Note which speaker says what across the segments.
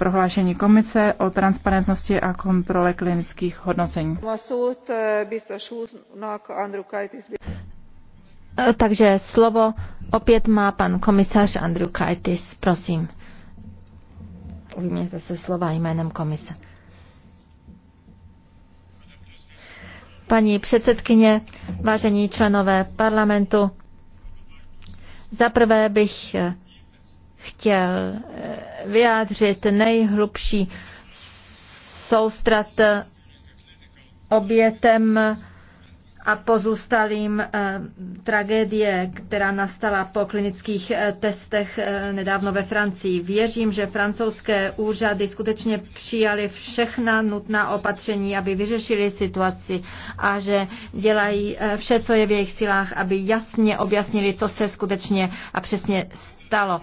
Speaker 1: prohlášení komise o transparentnosti a kontrole klinických hodnocení. Takže slovo
Speaker 2: opět má pan komisař Andrew Kajtis, Prosím, ujměte se slova jménem komise. Paní předsedkyně, vážení členové parlamentu, zaprvé bych chtěl eh, vyjádřit nejhlubší soustrat eh, obětem a pozůstalým eh, tragédie, která nastala po klinických testech nedávno ve Francii. Věřím, že francouzské úřady skutečně přijali všechna nutná opatření, aby vyřešili situaci a že dělají vše, co je v jejich silách, aby jasně objasnili, co se skutečně a přesně stalo.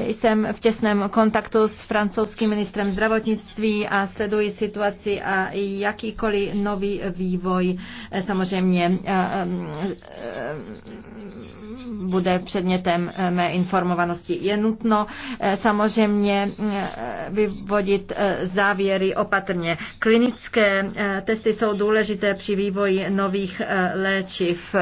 Speaker 2: Jsem v těsném kontaktu s francouzským ministrem zdravotnictví a sleduji situaci a jakýkoliv nový vývoj eh, samozřejmě eh, eh, bude předmětem mé informovanosti. Je nutno samozřejmě vyvodit závěry opatrně. Klinické testy jsou důležité při vývoji nových léčiv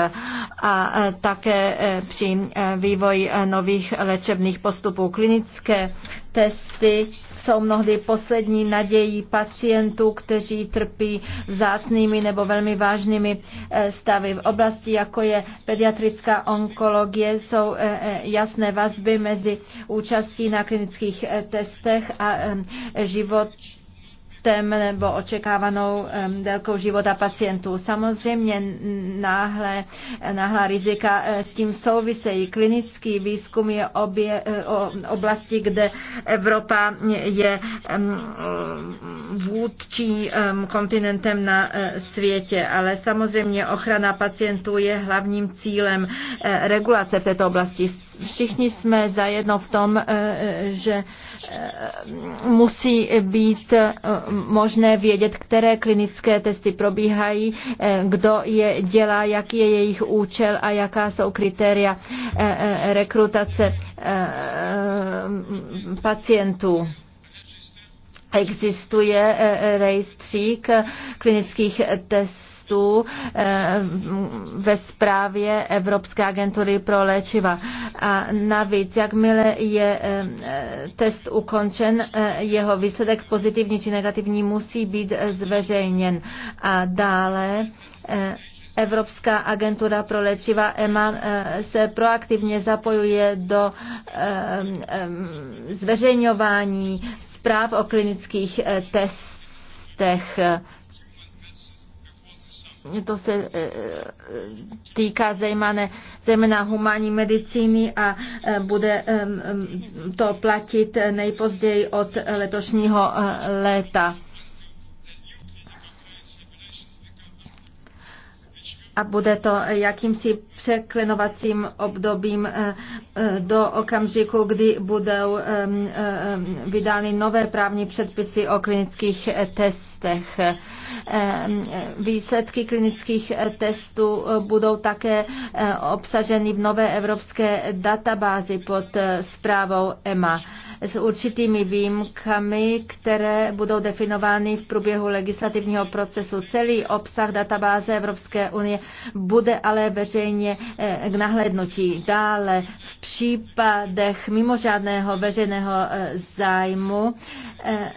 Speaker 2: a také při vývoji nových léčebných postupů postupu. Klinické testy jsou mnohdy poslední nadějí pacientů, kteří trpí zácnými nebo velmi vážnými eh, stavy. V oblasti, jako je pediatrická onkologie, jsou eh, eh, jasné vazby mezi účastí na klinických testech a život životem nebo očekávanou délkou života pacientů. Samozřejmě náhle, náhle rizika eh, s tím souvisejí. Klinický výzkum je obě, eh, oblasti, kde Evropa je vůdčí kontinentem na eh, světě, ale samozřejmě ochrana pacientů je hlavním cílem regulace v této oblasti všichni jsme zajedno v tom, eh, že eh, musí být eh, možné vědět, které klinické testy probíhají, kdo je dělá, jaký je jejich účel a jaká jsou kritéria rekrutace mm, pacientů. Existuje rejstřík klinických testů textů eh, ve zprávě Evropské agentury pro léčiva. A navíc, jakmile je eh, test ukončen, eh, jeho výsledek pozitivní či negativní musí být zveřejněn. A dále Evropská agentura pro léčiva EMA se proaktivně zapojuje do zveřejňování zpráv o klinických testech to se e, e, týká zejména, zejména humánní medicíny a e, bude to platit nejpozději od letošního léta. a bude to jakýmsi překlenovacím obdobím eh, eh, do okamžiku, kdy budou eh, vydány nové právní předpisy o klinických testech. Výsledky klinických testů budou také obsaženy v nové evropské databázi pod zprávou EMA s určitými výjimkami, které budou definovány v průběhu legislativního procesu. Celý obsah databáze Evropské unie bude ale veřejně eh, k nahlednutí. Dále v případech mimořádného veřejného eh, zájmu eh,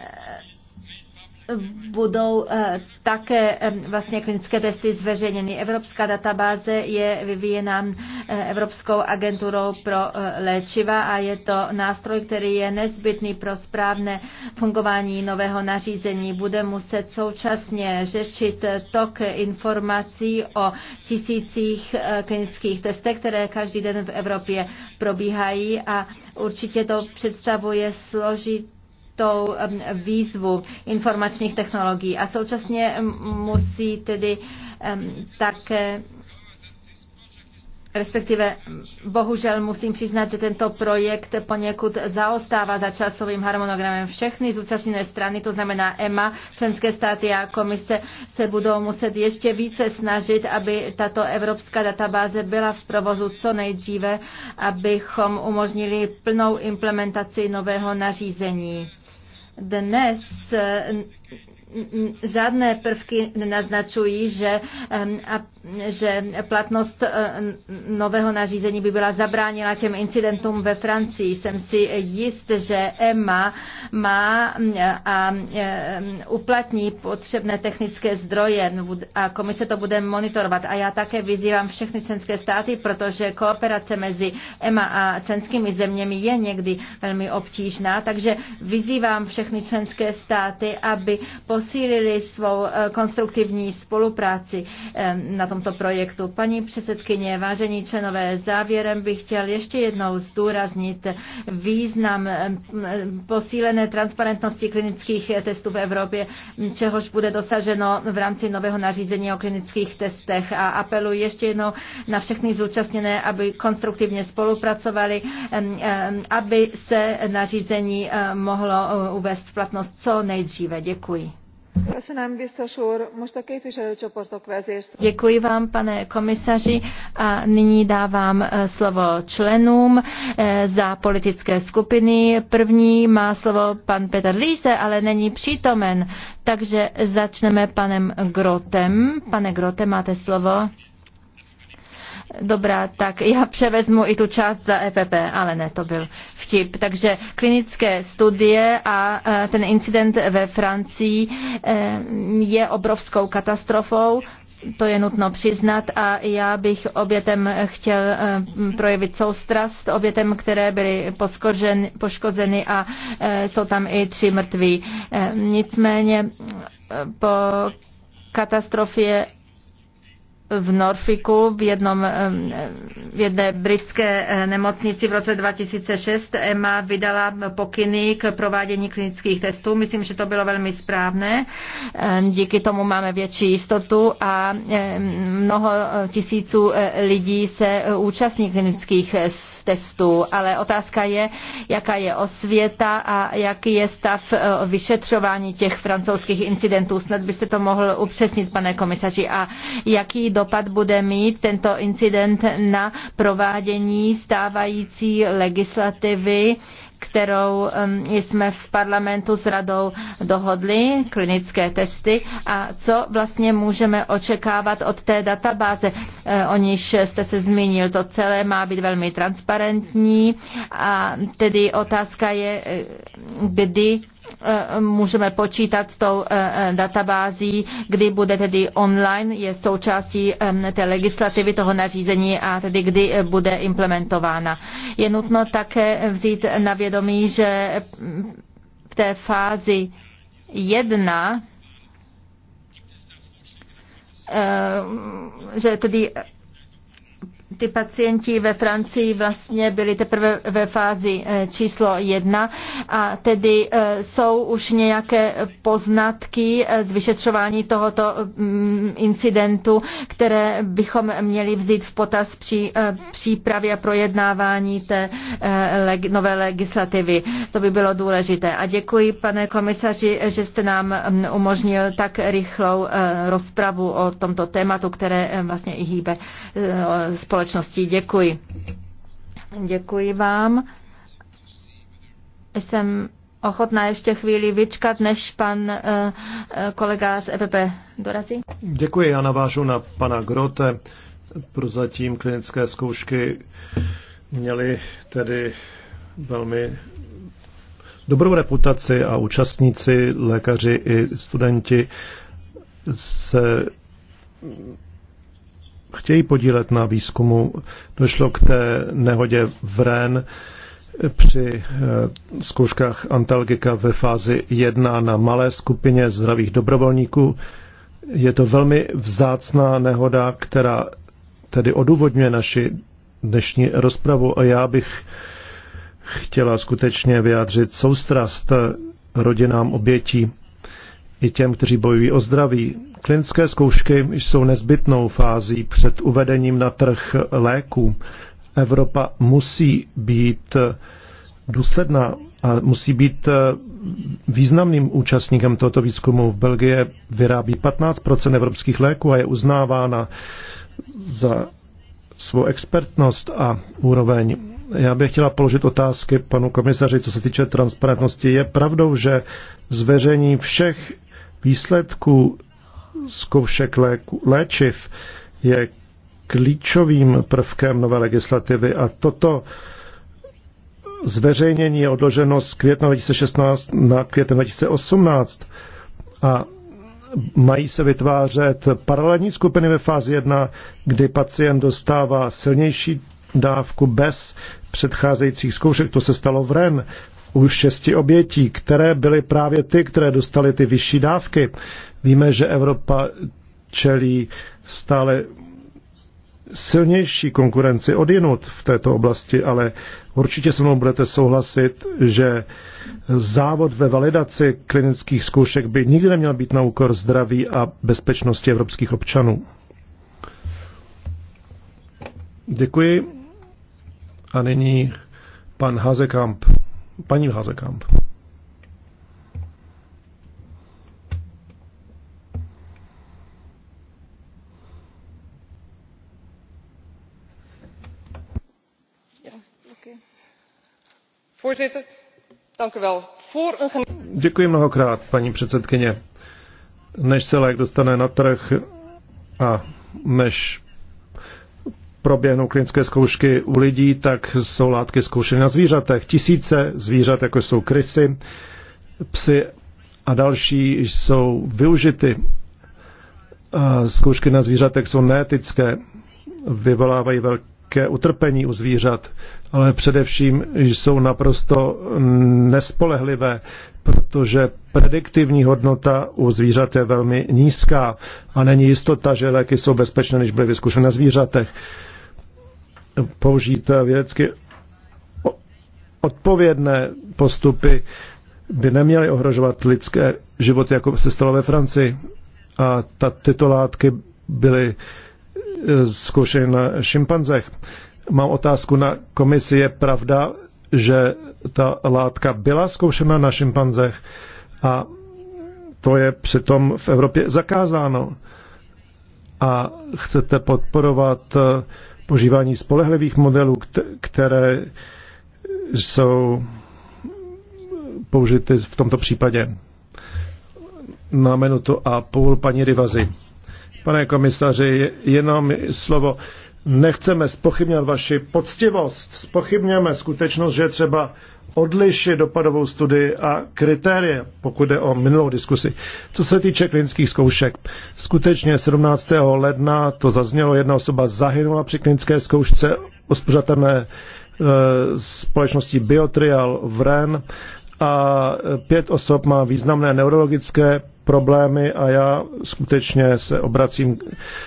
Speaker 2: budou eh, také eh, vlastně klinické testy zveřejněny. Evropská databáze je vyvíjena eh, Evropskou agenturou pro léčiva a je to nástroj, který je nezbytný pro správné fungování nového nařízení. Bude muset současně řešit tok informací o tisících klinických testech, které každý den v Evropě probíhají a určitě to představuje složit tou výzvu informačních technologií a současně musí tedy také respektive bohužel musím přiznat, že tento projekt poněkud zaostává za časovým harmonogramem. Všechny zúčastněné strany, to znamená EMA, členské státy a komise, se budou muset ještě více snažit, aby tato evropská databáze byla v provozu co nejdříve, abychom umožnili plnou implementaci nového nařízení dnes žádné prvky nenaznačují, že, že platnost e, nového nařízení by byla zabránila těm incidentům ve Francii. Jsem si jist, že EMA má e, a e, uplatní potřebné technické zdroje no, a komise to bude monitorovat. A já také vyzývám všechny členské státy, protože kooperace mezi EMA a členskými zeměmi je někdy velmi obtížná, takže vyzývám všechny členské státy, aby po posílili svou eh, konstruktivní spolupráci eh, na tomto projektu. Paní předsedkyně, vážení členové, závěrem bych chtěl ještě jednou zdůraznit význam eh, posílené transparentnosti klinických testů v Evropě, čehož bude dosaženo v rámci nového nařízení o klinických testech a apeluji ještě jednou na všechny zúčastněné, aby konstruktivně spolupracovali, aby se nařízení mohlo uvést v platnost co nejdříve. Děkuji. Děkuji vám, pane komisaři, a nyní dávám e, slovo členům e, za politické skupiny. První má slovo pan peter liese ale není přítomen, takže začneme panem Grotem. Pane Grote, máte slovo. Dobrá, tak já převezmu i tu část za EPP, ale ne, to byl vtip. Takže klinické studie a e, ten incident ve Francii e, je obrovskou katastrofou. To je nutno přiznat a já bych obětem chtěl e, projevit soustrast obětem, které byly poškozeny a jsou tam i tři mrtví. Nicméně po katastrofě v Norfiku v, jednom, v jedné britské eh, nemocnici v roce 2006. EMA vydala pokyny k provádění klinických testů. Myslím, že to bylo velmi správné. Díky tomu máme větší jistotu a mnoho eh, tisíců eh, lidí se účastní klinických testů. Ale otázka je, jaká je osvěta a jaký je stav vyšetřování těch francouzských incidentů. Snad byste to mohl upřesnit, pane komisaři. A jaký do dopad bude mít tento incident na provádění stávající legislativy, kterou um, jsme v parlamentu s radou dohodli, klinické testy, a co vlastně můžeme očekávat od té databáze, eh, o níž jste se zmínil. To celé má být velmi transparentní a tedy otázka je, eh, kdy můžeme počítat s tou eh, eh, databází, kdy bude tedy online, je součástí té legislativy toho nařízení a tedy kdy eh, bude implementována. Je nutno také vzít na vědomí, že mm, v té fázi jedna že tedy ty pacienti ve Francii vlastně byli teprve ve fázi eh, číslo jedna a tedy eh, jsou už nějaké poznatky eh, z vyšetřování tohoto mm, incidentu, které bychom měli vzít v potaz při přípravě a projednávání té nové legislativy. To by bylo důležité. A děkuji, pane komisaři, že jste nám mm, umožnil tak rychlou rozpravu o tomto tématu, které vlastně i hýbe společnosti společností. Děkuji. Děkuji vám. Jsem ochotná ještě chvíli vyčkat, než pan eh, eh, kolega z EPP dorazí.
Speaker 3: Děkuji, já navážu na pana Grote. Prozatím klinické zkoušky měly tedy velmi dobrou reputaci a účastníci, lékaři i studenti se chtějí podílet na výzkumu. Došlo k té nehodě v REN při eh, zkouškách antalgika ve fázi 1 na malé skupině zdravých dobrovolníků. Je to velmi vzácná nehoda, která tedy odůvodňuje naši dnešní rozpravu a já bych chtěla skutečně vyjádřit soustrast rodinám obětí i těm, kteří bojují o zdraví. Klinické zkoušky jsou nezbytnou fází před uvedením na trh léků. Evropa musí být důsledná a musí být eh, významným účastníkem tohoto výzkumu. V Belgie vyrábí 15 evropských léků a je uznávána za svou expertnost a úroveň. Já bych chtěla položit otázky panu komisaři, co se týče transparentnosti. Je pravdou, že zveřejní všech výsledků zkoušek léčiv je klíčovým prvkem nové legislativy a toto zveřejnění je odloženo z května 2016 na květen 2018 a mají se vytvářet paralelní skupiny ve fázi 1, kdy pacient dostává silnější dávku bez předcházejících zkoušek. To se stalo v REN u šesti obětí, které byly právě ty, které dostaly ty vyšší dávky. Víme, že Evropa čelí stále silnější konkurenci od jinut v této oblasti, ale určitě se mnou budete souhlasit, že závod ve validaci klinických zkoušek by nikdy neměl být na úkor zdraví a bezpečnosti evropských občanů. Děkuji. A nyní pan Hazekamp. Paní Hazekamp.
Speaker 1: Voorzitter, dank u wel. Voor een...
Speaker 3: Děkuji mnohokrát, paní předsedkyně. Než se lék dostane na trh a než proběhnou klinické zkoušky u lidí, tak jsou látky zkoušeny na zvířatech. Tisíce zvířat, jako jsou krysy, psy a další, jsou využity. A zkoušky na zvířatech jsou neetické, vyvolávají velké utrpení u zvířat, ale především jsou naprosto nespolehlivé, protože prediktivní hodnota u zvířat je velmi nízká a není jistota, že léky jsou bezpečné, než byly vyzkoušeny na zvířatech použít eh, vědecky odpovědné postupy by neměly ohrožovat lidské životy, jako se stalo ve Francii. A ta, tyto látky byly eh, zkoušeny na šimpanzech. Mám otázku na komisi. Je pravda, že ta látka byla zkoušena na šimpanzech a to je přitom v Evropě zakázáno. A chcete podporovat uh, používání spolehlivých modelů, které jsou použity v tomto případě. Na minutu a půl paní Rivazy. Pane komisaři, jenom slovo nechceme spochybňovat vaši poctivost, spochybňujeme skutečnost, že je třeba odlišit dopadovou studii a kritérie, pokud jde o minulou diskusi. Co se týče klinických zkoušek, skutečně 17. ledna to zaznělo, jedna osoba zahynula při klinické zkoušce uspořádané e, společností Biotrial v REN a pět osob má významné neurologické problémy a já skutečně se obracím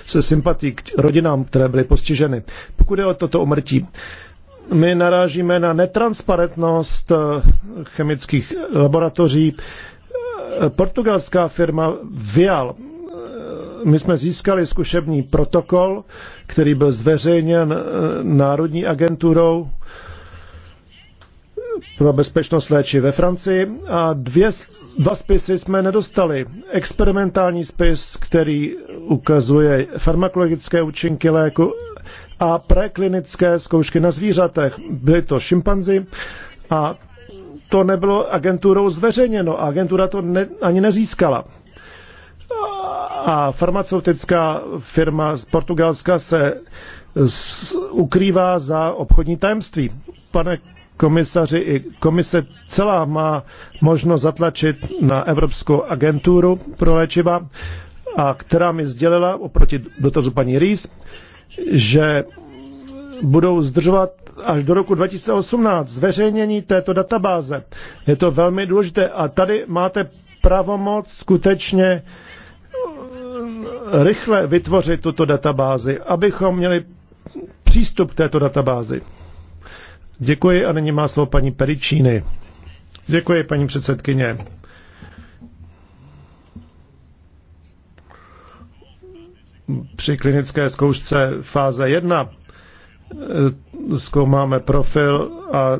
Speaker 3: se sympatí k rodinám, které byly postiženy. Pokud je o toto umrtí, my narážíme na netransparentnost eh, chemických laboratoří. Eh, portugalská firma Vial, eh, my jsme získali zkušební protokol, který byl zveřejněn Národní agenturou pro bezpečnost léči ve Francii a dvě, dva spisy jsme nedostali. Experimentální spis, který ukazuje farmakologické účinky léku a preklinické zkoušky na zvířatech. Byly to šimpanzi a to nebylo agenturou zveřejněno a agentura to ne, ani nezískala. A farmaceutická firma z Portugalska se z, ukrývá za obchodní tajemství. Pane komisaři i komise celá má možnost zatlačit na Evropskou agenturu pro léčiva, a která mi sdělila oproti dotazu paní Rýs, že budou zdržovat až do roku 2018 zveřejnění této databáze. Je to velmi důležité a tady máte pravomoc skutečně eh, rychle vytvořit tuto databázi, abychom měli přístup k této databázi. Děkuji a nyní má slovo paní Peričíny. Děkuji, paní předsedkyně. Při klinické zkoušce fáze 1 eh, zkoumáme profil a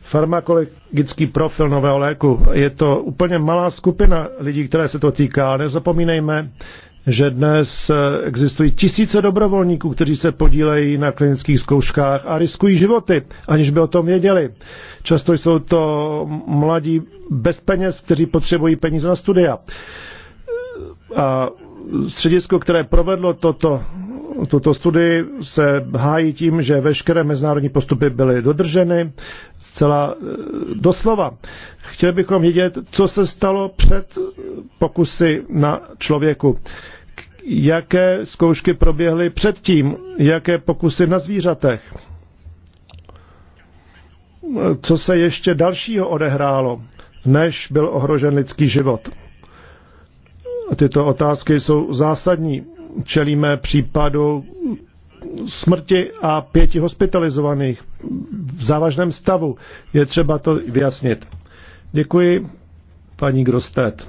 Speaker 3: farmakologický profil nového léku. Je to úplně malá skupina lidí, které se to týká. Nezapomínejme, že dnes eh, existují tisíce dobrovolníků, kteří se podílejí na klinických zkouškách a riskují životy, aniž by o tom věděli. Často jsou to mladí bez peněz, kteří potřebují peníze na studia. A středisko, které provedlo toto tuto studii se hájí tím, že veškeré mezinárodní postupy byly dodrženy zcela e, doslova. Chtěli bychom vědět, co se stalo před pokusy na člověku. Jaké zkoušky proběhly předtím? Jaké pokusy na zvířatech? Co se ještě dalšího odehrálo, než byl ohrožen lidský život? Tyto otázky jsou zásadní čelíme případu smrti a pěti hospitalizovaných v závažném stavu. Je třeba to vyjasnit. Děkuji, paní Grostet.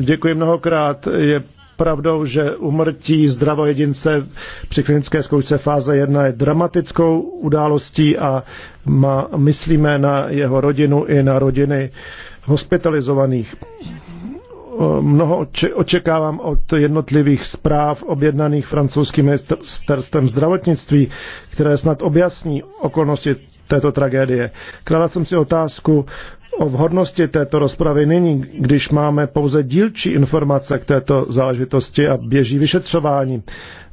Speaker 3: Děkuji mnohokrát. Je pravdou, že umrtí zdravojedince při klinické zkoušce fáze 1 je dramatickou událostí a má, myslíme na jeho rodinu i na rodiny hospitalizovaných mnoho očekávám od jednotlivých zpráv objednaných francouzským ministerstvem zdravotnictví, které snad objasní okolnosti této tragédie. Kladla jsem si otázku o vhodnosti této rozpravy nyní, když máme pouze dílčí informace k této záležitosti a běží vyšetřování.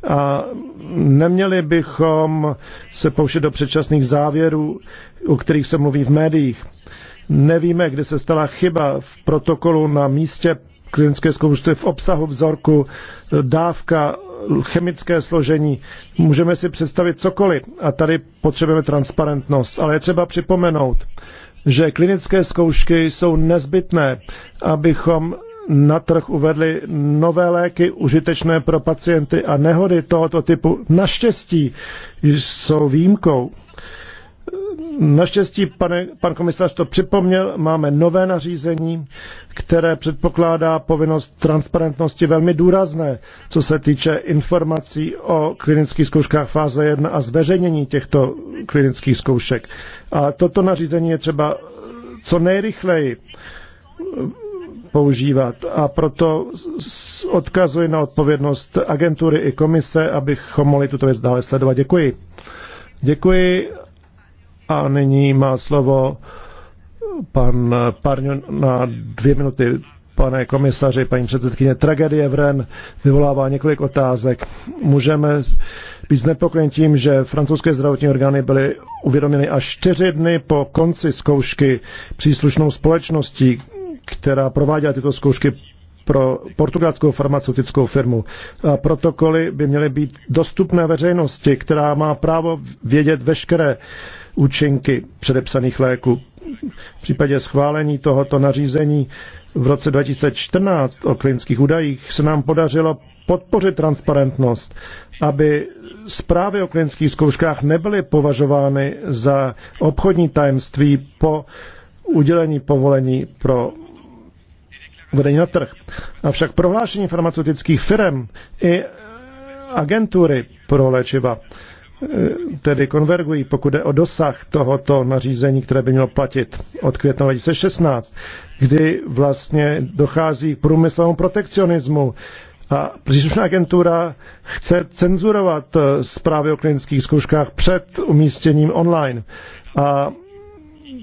Speaker 3: A neměli bychom se poušet do předčasných závěrů, o kterých se mluví v médiích. Nevíme, kde se stala chyba v protokolu na místě klinické zkoušce v obsahu vzorku, dávka, chemické složení. Můžeme si představit cokoliv a tady potřebujeme transparentnost. Ale je třeba připomenout, že klinické zkoušky jsou nezbytné, abychom na trh uvedli nové léky užitečné pro pacienty a nehody tohoto typu naštěstí jsou výjimkou. Naštěstí, pane, pan komisař to připomněl, máme nové nařízení, které předpokládá povinnost transparentnosti velmi důrazné, co se týče informací o klinických zkouškách fáze 1 a zveřejnění těchto klinických zkoušek. A toto nařízení je třeba co nejrychleji používat. A proto odkazuji na odpovědnost agentury i komise, abychom mohli tuto věc dále sledovat. Děkuji. Děkuji a nyní má slovo pan Parňo na dvě minuty. Pane komisaři, paní předsedkyně, tragédie v Ren vyvolává několik otázek. Můžeme být znepokojen tím, že francouzské zdravotní orgány byly uvědoměny až čtyři dny po konci zkoušky příslušnou společností, která prováděla tyto zkoušky pro portugalskou farmaceutickou firmu. A protokoly by měly být dostupné veřejnosti, která má právo vědět veškeré uh, účinky předepsaných léků. V případě schválení tohoto nařízení v roce 2014 o klinických údajích se nám podařilo podpořit transparentnost, aby zprávy o klinických zkouškách nebyly považovány za obchodní tajemství po udělení povolení pro vedení na trh. Avšak prohlášení farmaceutických firm i agentury pro léčiva Eh, tedy konvergují, pokud jde o dosah tohoto nařízení, které by mělo platit od května 2016, kdy vlastně dochází k průmyslovému protekcionismu a příslušná agentura chce cenzurovat eh, zprávy o klinických zkouškách před umístěním online. A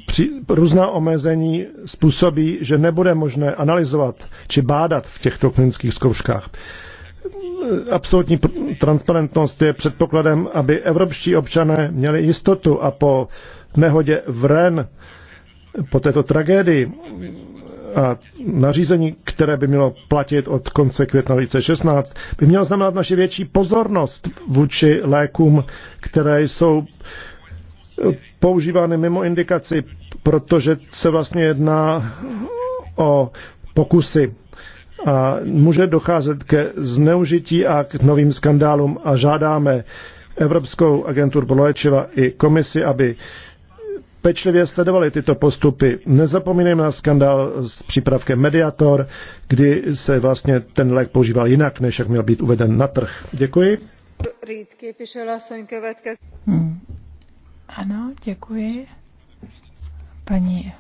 Speaker 3: při, různá omezení způsobí, že nebude možné analyzovat či bádat v těchto klinických zkouškách. Uh, absolutní transparentnost je předpokladem, aby evropští občané měli jistotu a po nehodě v Ren, po této tragédii a nařízení, které by mělo platit od konce května 2016, by mělo znamenat naši větší pozornost vůči lékům, které jsou používány mimo indikaci, protože se vlastně jedná o pokusy a může docházet ke zneužití a k novým skandálům a žádáme Evropskou agenturu pro léčiva i komisi, aby pečlivě sledovali tyto postupy. Nezapomínejme na skandál s přípravkem Mediator, kdy se vlastně ten lék používal jinak, než jak měl být uveden na trh. Děkuji.
Speaker 1: Hmm. Ano, děkuji. Paní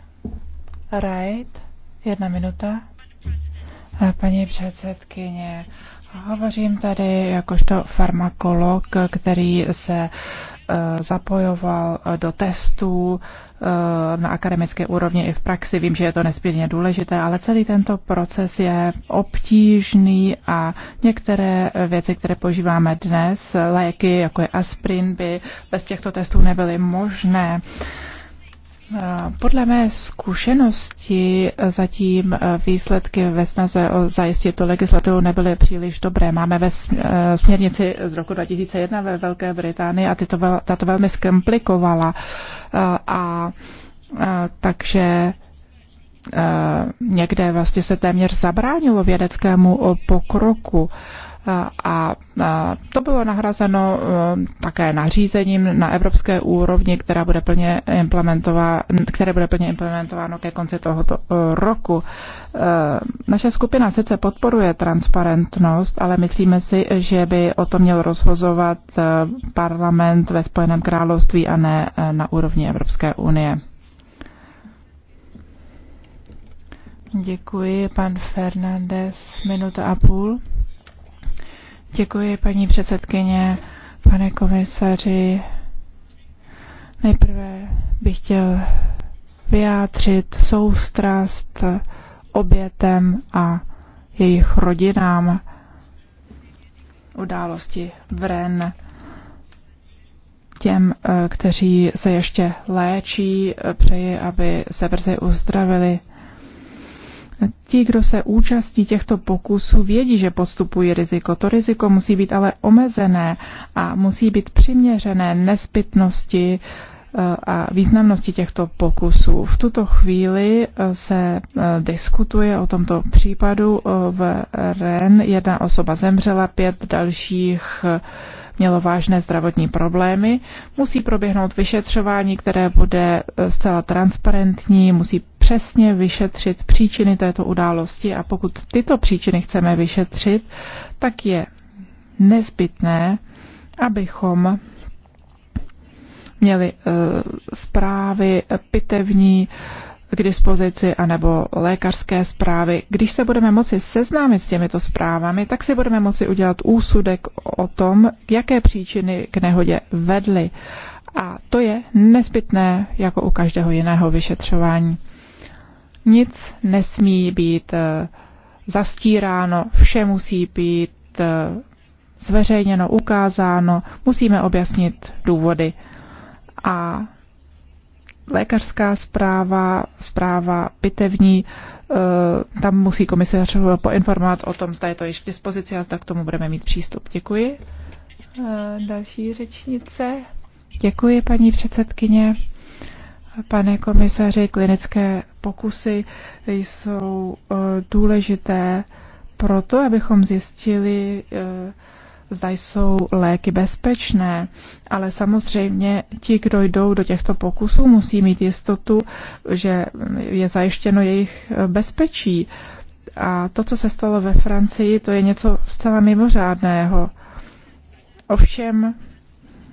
Speaker 1: Wright, jedna minuta. Paní předsedkyně, hovořím tady jakožto farmakolog, který se e, zapojoval do testů e, na akademické úrovni i v praxi. Vím, že je to nesmírně důležité, ale celý tento proces je obtížný a některé věci, které požíváme dnes, léky jako je aspirin, by bez těchto testů nebyly možné. Uh, Eh, podle mé zkušenosti eh, zatím eh, výsledky ve snaze o zajistit tu legislativu nebyly příliš dobré. Máme ve směrnici z roku 2001 ve Velké Británii a tyto, tato velmi zkomplikovala. A, a takže někde vlastně se téměř zabránilo vědeckému pokroku a to bylo nahrazeno um, také nařízením na evropské úrovni, která bude plně které bude plně implementováno ke konci tohoto uh, roku. Uh, naše skupina sice podporuje transparentnost, ale myslíme si, že by o to měl rozhozovat uh, parlament ve Spojeném království a ne na úrovni Evropské unie. Děkuji, pan Fernandez, minuta a půl. Děkuji, paní předsedkyně, pane komisaři. Nejprve bych chtěl vyjádřit soustrast obětem a jejich rodinám události v Ren těm, eh, kteří se ještě léčí, eh, přeji, aby se brzy uzdravili. Ti, kdo se účastí těchto pokusů, vědí, že postupují riziko. To riziko musí být ale omezené a musí být přiměřené nespytnosti eh, a významnosti těchto pokusů. V tuto chvíli eh, se eh, diskutuje o tomto případu. V REN jedna osoba zemřela, pět dalších mělo vážné zdravotní problémy. Musí proběhnout vyšetřování, které bude zcela transparentní, musí přesně vyšetřit příčiny této události a pokud tyto příčiny chceme vyšetřit, tak je nezbytné, abychom měli eh, zprávy pitevní k dispozici anebo lékařské zprávy. Když se budeme moci seznámit s těmito zprávami, tak si budeme moci udělat úsudek o tom, jaké příčiny k nehodě vedly. A to je nezbytné jako u každého jiného vyšetřování. Nic nesmí být eh, zastíráno, vše musí být eh, zveřejněno, ukázáno, musíme objasnit důvody. A lékařská zpráva, zpráva pitevní, eh, tam musí komisař poinformovat o tom, zda je to již k dispozici a zda k tomu budeme mít přístup. Děkuji. Další řečnice. Děkuji, paní předsedkyně. Pane komisaři, klinické pokusy jsou eh, důležité proto, abychom zjistili, eh, zda jsou léky bezpečné, ale samozřejmě ti, kdo jdou do těchto pokusů, musí mít jistotu, že je zajištěno jejich eh, bezpečí. A to, co se stalo ve Francii, to je něco zcela mimořádného. Ovšem,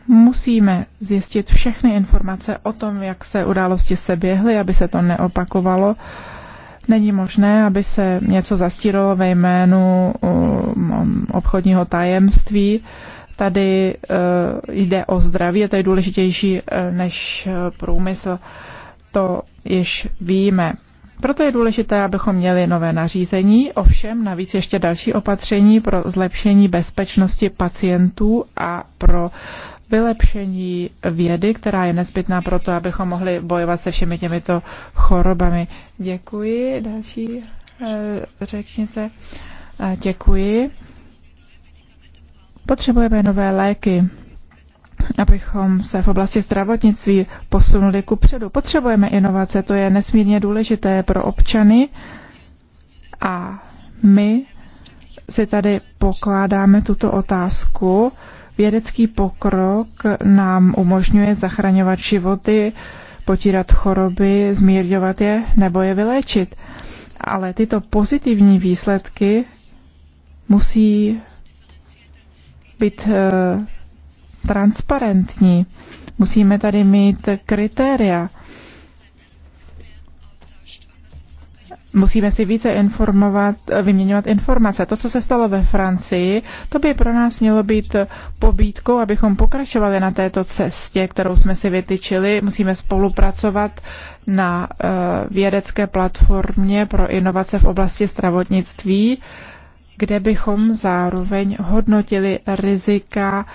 Speaker 1: musíme zjistit všechny informace o tom, jak se události seběhly, aby se to neopakovalo. Není možné, aby se něco zastíralo ve jménu obchodního tajemství. Tady eh, jde o zdraví, je to důležitější eh, než eh, průmysl. To již víme. Proto je důležité, abychom měli nové nařízení, ovšem navíc ještě další opatření pro zlepšení bezpečnosti pacientů a pro vylepšení vědy, která je nezbytná pro to, abychom mohli bojovat se všemi těmito chorobami. Děkuji. Další eh, řečnice. Eh, děkuji. Potřebujeme nové léky, abychom se v oblasti zdravotnictví posunuli ku předu. Potřebujeme inovace, to je nesmírně důležité pro občany a my si tady pokládáme tuto otázku Vědecký pokrok nám umožňuje zachraňovat životy, potírat choroby, zmírňovat je nebo je vyléčit. Ale tyto pozitivní výsledky musí být eh, transparentní. Musíme tady mít kritéria musíme si více informovat, vyměňovat informace. To, co se stalo ve Francii, to by pro nás mělo být pobídkou, abychom pokračovali na této cestě, kterou jsme si vytyčili. Musíme spolupracovat na eh, vědecké platformě pro inovace v oblasti zdravotnictví, kde bychom zároveň hodnotili rizika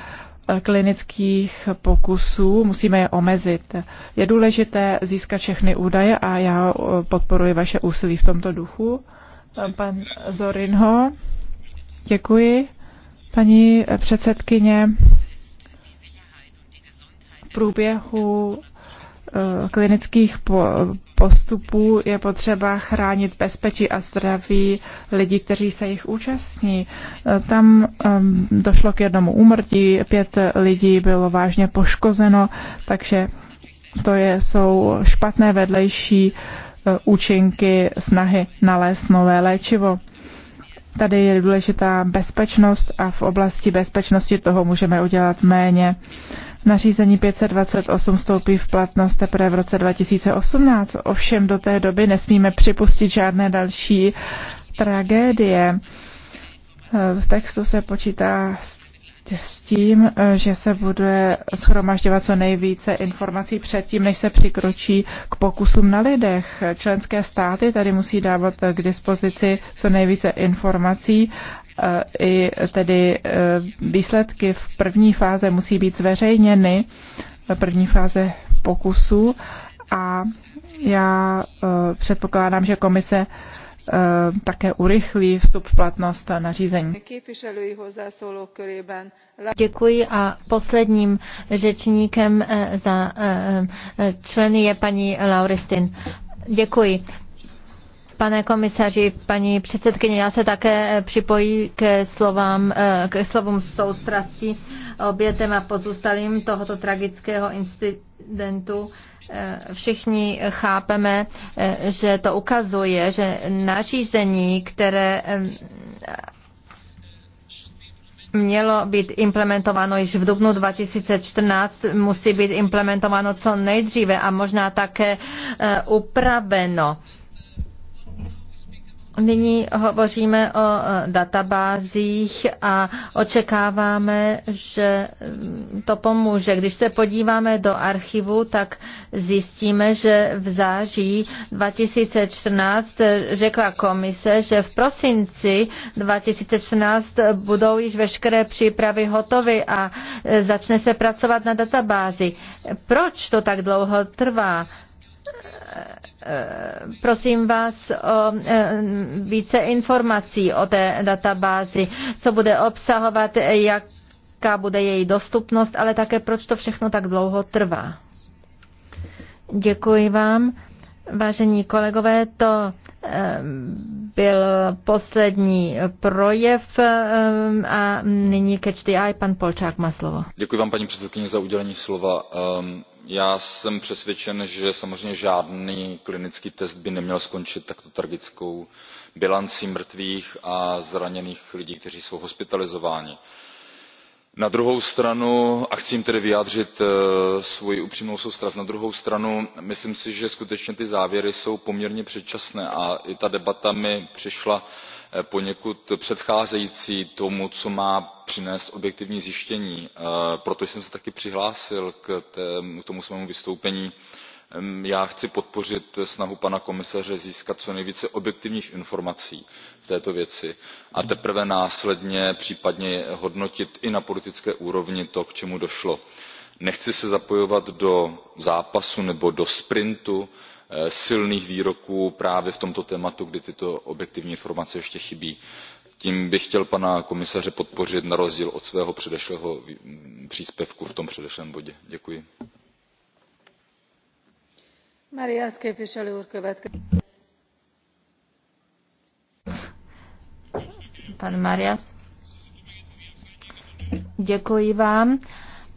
Speaker 1: klinických pokusů, musíme je omezit. Je důležité získat všechny údaje a já eh, podporuji vaše úsilí v tomto duchu. Pan Zorinho, děkuji. Paní předsedkyně, v průběhu eh, klinických postupů je potřeba chránit bezpečí a zdraví lidí, kteří se jich účastní. Tam um, došlo k jednomu úmrtí, pět lidí bylo vážně poškozeno, takže to je, jsou špatné vedlejší e, účinky snahy nalézt nové léčivo. Tady je důležitá bezpečnost a v oblasti bezpečnosti toho můžeme udělat méně. Uh, Nařízení 528 vstoupí v platnost teprve v roce 2018, ovšem do té doby nesmíme připustit žádné další tragédie. V textu se počítá s s tím, že se bude schromažďovat co nejvíce informací předtím, než se přikročí k pokusům na lidech. Členské státy tady musí dávat k dispozici co nejvíce informací i tedy e, výsledky v první fáze musí být zveřejněny, v e, první fáze pokusu a já e, předpokládám, že komise také urychlí vstup v platnost nařízení. Děkuji a posledním řečníkem za
Speaker 2: členy je paní Lauristin. Děkuji. Pane komisaři, paní předsedkyně, já se také eh, připojím ke, slovám, eh, ke slovům soustrasti obětem a pozůstalým tohoto tragického incidentu. Eh, všichni chápeme, že to ukazuje, že nařízení, které mělo být implementováno již v dubnu 2014, musí být implementováno co nejdříve a možná také upraveno. Nyní hovoříme o e, databázích a očekáváme, že mm, to pomůže. Když se podíváme do archivu, tak zjistíme, že v září 2014 řekla komise, že v prosinci 2014 budou již veškeré přípravy hotovy a e, začne se pracovat na databázi. Proč to tak dlouho trvá? prosím vás o e, více informací o té databázi, co bude obsahovat, jaká bude její dostupnost, ale také proč to všechno tak dlouho trvá. Děkuji vám. Vážení kolegové, to e, byl poslední projev e, a nyní ke čtyři pan Polčák má slovo.
Speaker 4: Děkuji vám, paní předsedkyně, za udělení slova. Ehm, já jsem přesvědčen že samozřejmě žádný klinický test by neměl skončit takto tragickou bilancí mrtvých a zraněných lidí kteří jsou hospitalizováni. na druhou stranu a chci jim tedy vyjádřit eh, svoji upřímnou soustrast myslím si že skutečně ty závěry jsou poměrně předčasné a i ta debata mi přišla Eh, poněkud předcházející tomu co má přinést objektivní zjištění eh, proto jsem se také přihlásil k tomu svému vystoupení. já chci podpořit snahu pana komisaře získat co nejvíce objektivních informací v této věci a teprve následně případně hodnotit i na politické úrovni to k čemu došlo. nechci se zapojovat do zápasu nebo do sprintu Eh, silných výroků právě v tomto tématu kdy tyto objektivní informace ještě chybí. tím bych chtěl pana komisaře podpořit na rozdíl od svého předešlého příspěvku v tom předešlém bodě. děkuji.
Speaker 2: Pan Marias. Děkuji vám.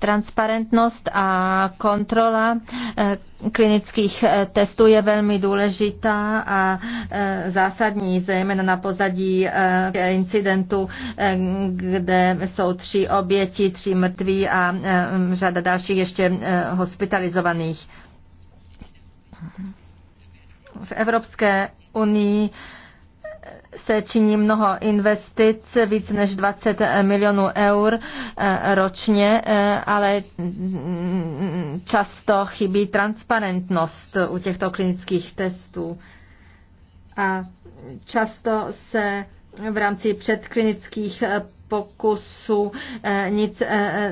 Speaker 2: Transparentnost a kontrola eh, klinických eh, testů je velmi důležitá a eh, zásadní, zejména na pozadí incidentu, kde jsou tři oběti, tři mrtví a řada dalších ještě hospitalizovaných. V Evropské unii se činí mnoho investic, víc než 20 milionů eur eh, ročně, eh, ale mm, často chybí transparentnost u těchto klinických testů. A často se v rámci předklinických pokusů eh, nic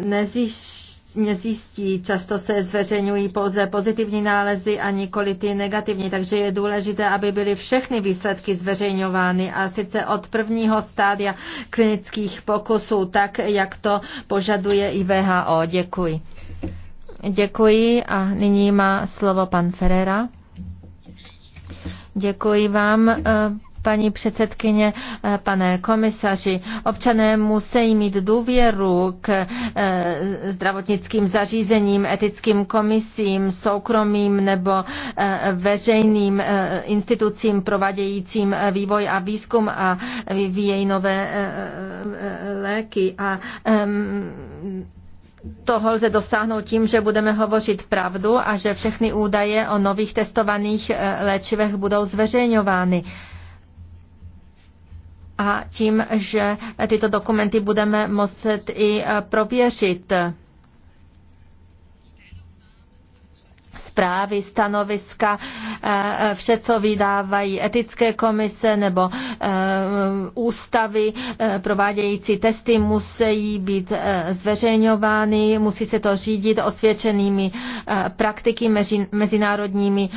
Speaker 2: nezjišťuje nezjistí. Často se zveřejňují pouze pozitivní nálezy a nikoli ty negativní, takže je důležité, aby byly všechny výsledky zveřejňovány a sice od prvního stádia klinických pokusů, tak jak to požaduje i VHO. Děkuji. Děkuji a nyní má slovo pan Ferrera. Děkuji vám, eh, paní předsedkyně, eh, pane komisaři. Občané musí mít důvěru k eh, zdravotnickým zařízením, etickým komisím, soukromým nebo eh, veřejným institucím provádějícím vývoj a výzkum a vyvíjejí nové léky. A ehm, toho lze dosáhnout tím, že budeme hovořit pravdu a že všechny údaje o nových testovaných léčivech budou zveřejňovány a tím, že tyto dokumenty budeme moci i prověřit. zprávy, stanoviska, eh, eh, vše, co vydávají etické komise nebo eh, ústavy provádějící testy, musí být zveřejňovány, musí se to řídit osvědčenými praktiky mezinárodními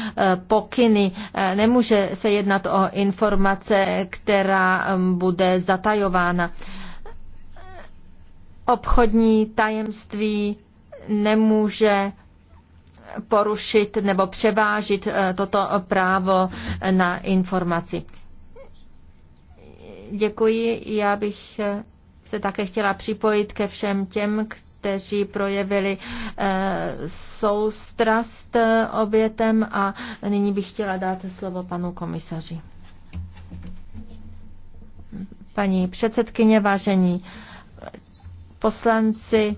Speaker 2: pokyny. Nemůže se jednat o informace, která bude zatajována. Obchodní tajemství nemůže porušit nebo převážit eh, toto právo eh, na informaci. Děkuji. Já bych eh, se také chtěla připojit ke všem těm, kteří projevili soustrast obětem a nyní bych chtěla dát slovo panu komisaři. Paní předsedkyně, vážení poslanci,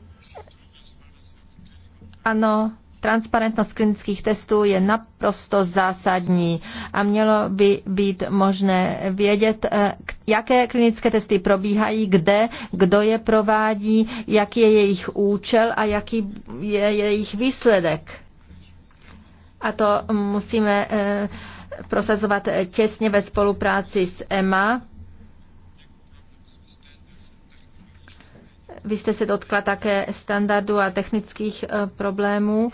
Speaker 2: ano, Transparentnost klinických testů je naprosto zásadní a mělo by být možné vědět, eh, jaké klinické testy probíhají, kde, kdo je provádí, jaký je jejich účel a jaký je jejich výsledek. A to musíme eh, prosazovat těsně ve spolupráci s EMA Vy jste se dotkla také standardu a technických eh, problémů.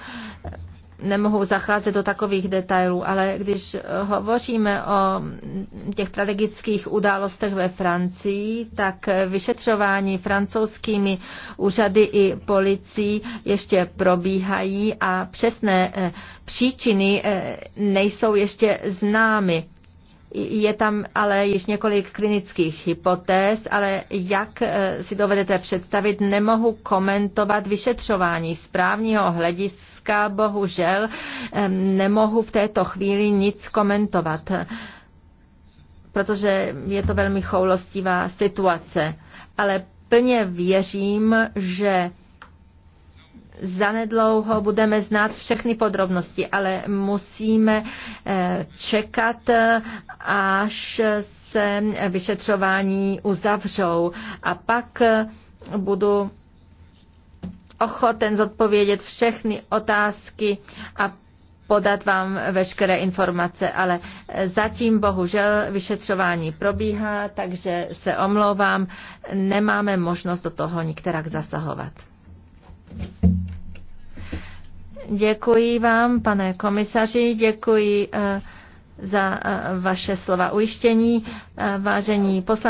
Speaker 2: Nemohu zacházet do takových detailů, ale když eh, hovoříme o mm, těch strategických událostech ve Francii, tak eh, vyšetřování francouzskými úřady i policií ještě probíhají a přesné příčiny nejsou ještě známy. Je tam ale již několik klinických hypotéz, ale jak eh, si dovedete představit, nemohu komentovat vyšetřování správního hlediska, bohužel nemohu v této chvíli nic komentovat, protože je to velmi choulostivá situace. Ale plně věřím, že zanedlouho budeme znát všechny podrobnosti, ale musíme eh, čekat, eh, až se vyšetřování uzavřou a pak eh, budu ochoten zodpovědět všechny otázky a podat vám veškeré informace, ale zatím bohužel vyšetřování probíhá, takže se omlouvám, nemáme možnost do toho nikterak zasahovat. Děkuji vám, pane komisaři, děkuji eh, za eh, vaše slova ujištění, eh, vážení poslanci.